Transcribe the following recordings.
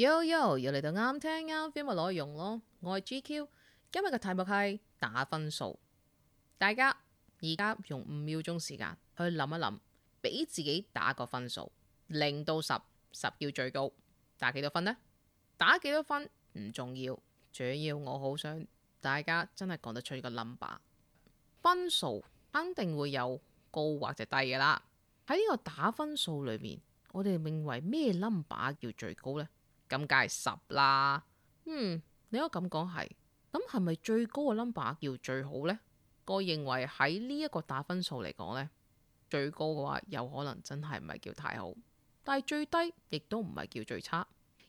Yo Yo，又嚟到啱聽啱 feel 嘅內容咯，我係 GQ。今日嘅題目係打分數，大家而家用五秒鐘時間去諗一諗，俾自己打個分數，零到十，十要最高。打幾多分呢？打幾多分唔重要，主要我好想大家真係講得出呢個 number。分數肯定會有高或者低㗎喇。喺呢個打分數裏面，我哋認為咩 number 叫最高呢？咁梗係十啦，嗯，你可以咁講係，咁係咪最高嘅 number 叫最好呢？我認為喺呢一個打分數嚟講呢，最高嘅話有可能真係唔係叫太好，但係最低亦都唔係叫最差，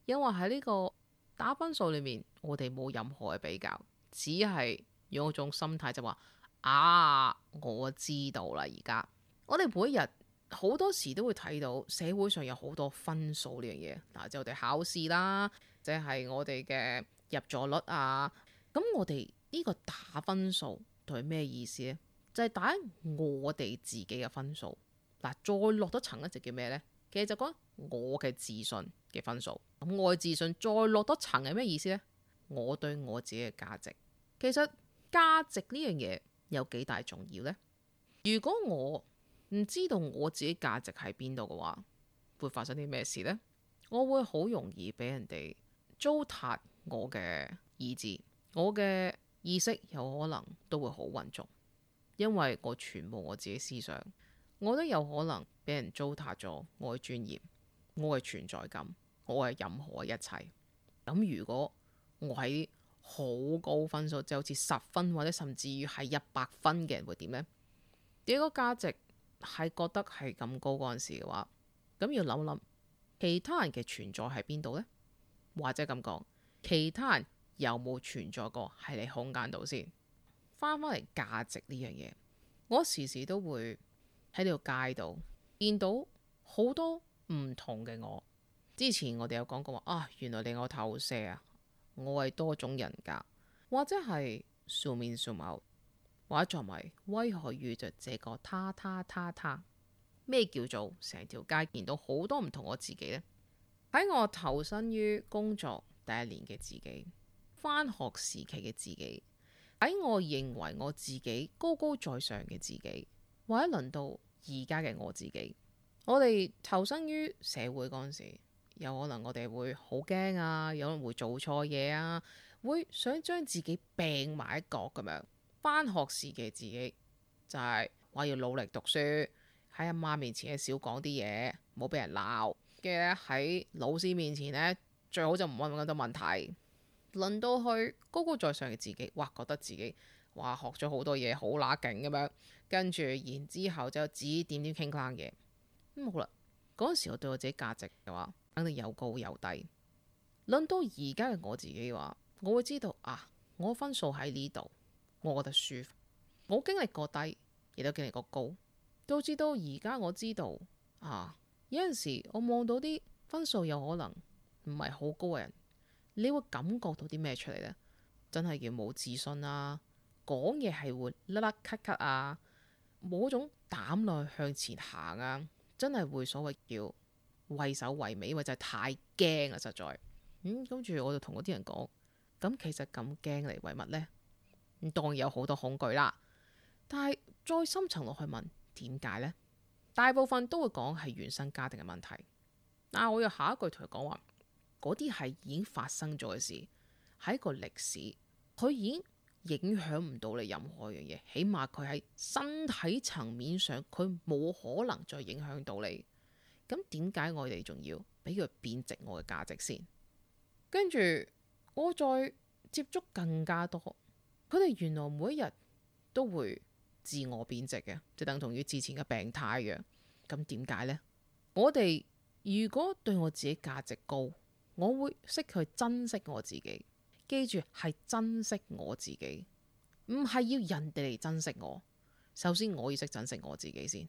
因為喺呢個打分數裏面，我哋冇任何嘅比較，只係有一種心態就話啊，我知道啦，而家我哋每一日。好多時都會睇到社會上有好多分數呢樣嘢，嗱，即係我哋考試啦，即係我哋嘅入座率啊。咁我哋呢個打分數代表咩意思呢？就係、是、打我哋自己嘅分數。嗱，再落多層一直叫咩呢？其實就講我嘅自信嘅分數。咁我嘅自信再落多層係咩意思呢？我對我自己嘅價值。其實價值呢樣嘢有幾大重要呢？如果我唔知道我自己價值喺邊度嘅話，會發生啲咩事呢？我會好容易俾人哋糟蹋我嘅意志，我嘅意識有可能都會好混濁，因為我全部我自己思想，我都有可能俾人糟蹋咗我嘅尊嚴，我嘅存在感，我嘅任何嘅一切。咁如果我喺好高分數，就係、好似十分或者甚至於係一百分嘅，人，會點呢？嗰個價值。係覺得係咁高嗰陣時嘅話，咁要諗一諗其他人嘅存在喺邊度呢？或者咁講，其他人有冇存在過喺你空間度先？翻返嚟價值呢樣嘢，我時時都會喺條街度見到好多唔同嘅我。之前我哋有講過話啊，原來你我投射啊，我係多種人格，或者係 Zoom In Zoom Out。或者作為為何遇着這個他他他他，咩叫做成條街見到好多唔同我自己呢？喺我投身於工作第一年嘅自己，返學時期嘅自己，喺我認為我自己高高在上嘅自己，或者輪到而家嘅我自己，我哋投身於社會嗰陣時，有可能我哋會好驚啊，有可能會做錯嘢啊，會想將自己病埋一角咁樣。返學時嘅自己就係話要努力讀書，喺阿媽面前咧少講啲嘢，冇俾人鬧。跟住咧喺老師面前呢，最好就唔問咁多問題。輪到去高高在上嘅自己，哇覺得自己哇學咗好多嘢，好乸勁咁樣。跟住然之後就指點點傾翻嘢咁好啦。嗰陣時我對我自己價值嘅話肯定又高又低。輪到而家嘅我自己話，我會知道啊，我分數喺呢度。我覺得舒服，我經歷過低，亦都經歷過高，導致到而家我知道啊。有陣時我望到啲分數有可能唔係好高嘅人，你會感覺到啲咩出嚟呢？真係叫冇自信啊，講嘢係會甩甩咳咳啊，冇種膽量向前行啊，真係會所謂叫畏首畏尾，或者係太驚啊，實在嗯。跟住我就同嗰啲人講，咁其實咁驚嚟為乜呢？咁當然有好多恐懼啦，但係再深層落去問點解呢？大部分都會講係原生家庭嘅問題。啊，我又下一句同佢講話，嗰啲係已經發生咗嘅事，係一個歷史，佢已經影響唔到你任何樣嘢。起碼佢喺身體層面上，佢冇可能再影響到你。咁點解我哋仲要俾佢貶值我嘅價值先？跟住我再接觸更加多。佢哋原來每一日都會自我貶值嘅，就等同於之前嘅病態嘅。咁點解呢？我哋如果對我自己價值高，我會識去珍惜我自己。記住係珍惜我自己，唔係要人哋嚟珍惜我。首先我要識珍惜我自己先，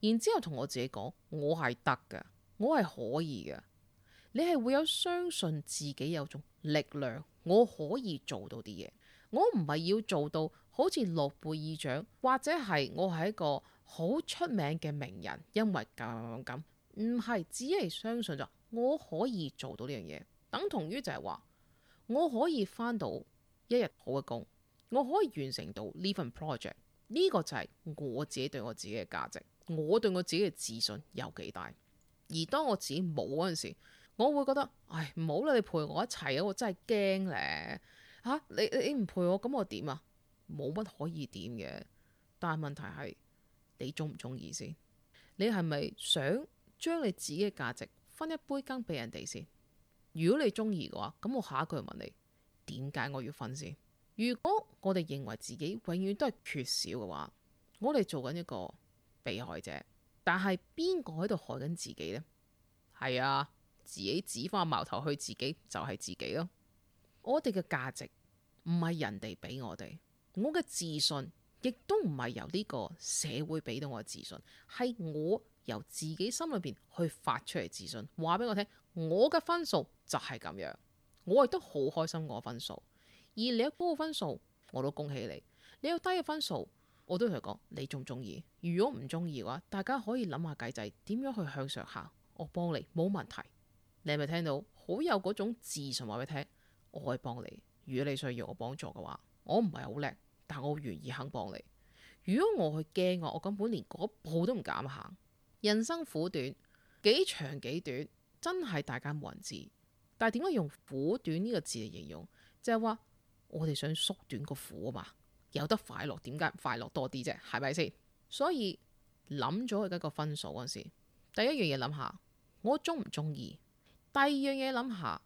然之後同我自己講，我係得嘅，我係可以嘅。你係會有相信自己有種力量，我可以做到啲嘢。我唔係要做到好似諾貝爾獎或者係我係一個好出名嘅名人，因為咁咁，唔係，只係相信咗我可以做到呢樣嘢，等同於就係話我可以翻到一日好嘅工，我可以完成到呢份 project，呢個就係我自己對我自己嘅價值，我對我自己嘅自信有幾大。而當我自己冇嗰陣時，我會覺得，唉，唔好啦，你陪我一齊啊，我真係驚咧。吓、啊、你，你唔陪我，咁我點啊？冇乜可以點嘅。但係問題係你中唔中意先？你係咪想將你自己嘅價值分一杯羹俾人哋先？如果你中意嘅話，咁我下一句就問你點解我要分先？如果我哋認為自己永遠都係缺少嘅話，我哋做緊一個被害者。但係邊個喺度害緊自己呢？係啊，自己指翻矛頭去自己就係、是、自己咯。我哋嘅價值唔係人哋俾我哋，我嘅自信亦都唔係由呢個社會俾到我嘅自信，係我由自己心裏邊去發出嚟自信，話俾我聽，我嘅分數就係咁樣，我亦都好開心。我分數，而你有高嘅分數，我都恭喜你；你有低嘅分數，我都同佢講，你中唔中意？如果唔中意嘅話，大家可以諗下計仔點樣去向上行。我幫你冇問題。你係咪聽到好有嗰種自信話俾你聽？我可以幫你，如果你需要我幫助嘅話，我唔係好叻，但我願意肯幫你。如果我去驚我，我根本連嗰步都唔敢行。人生苦短，幾長幾短，真係大家冇人知。但係點解用苦短呢個字嚟形容？就係話我哋想縮短個苦啊嘛。有得快樂，點解快樂多啲啫？係咪先？所以諗咗而家個分數嗰陣時，第一樣嘢諗下我中唔中意，第二樣嘢諗下。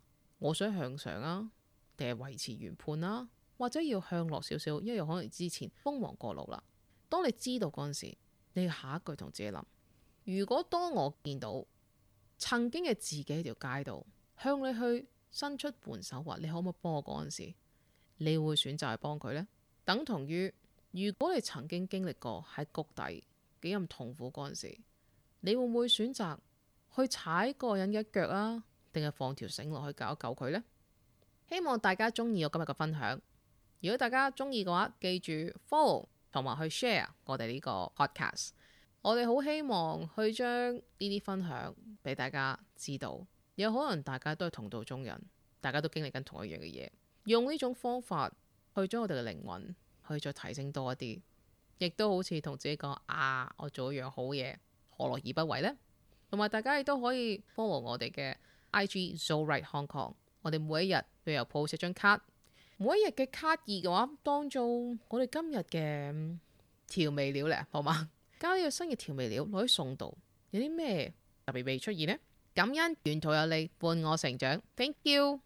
我想向上啊，定係維持原判啦、啊，或者要向落少少，因為可能之前瘋狂過路啦。當你知道嗰陣時，你下一句同自己諗：如果當我見到曾經嘅自己喺條街度向你去伸出援手，話你可唔可以幫我嗰陣時，你會選擇去幫佢呢？等同於如果你曾經經歷過喺谷底幾咁痛苦嗰陣時，你會唔會選擇去踩嗰個人嘅腳啊？定係放條繩落去搞一搞佢呢？希望大家中意我今日嘅分享。如果大家中意嘅話，記住 follow 同埋去 share 我哋呢個 podcast。我哋好希望去將呢啲分享俾大家知道。有可能大家都係同道中人，大家都經歷緊同一樣嘅嘢，用呢種方法去將我哋嘅靈魂去再提升多一啲，亦都好似同自己講「啊，我做一樣好嘢，何樂而不為呢？」同埋大家亦都可以 follow 我哋嘅。IG Zorite Hong Kong，我哋每一日都有 post 一張卡，每一日嘅卡二嘅話，當做我哋今日嘅調味料咧，好嘛？加呢個新嘅調味料，攞去送度，有啲咩特別未出現呢？感恩沿途有你伴我成長，Thank you。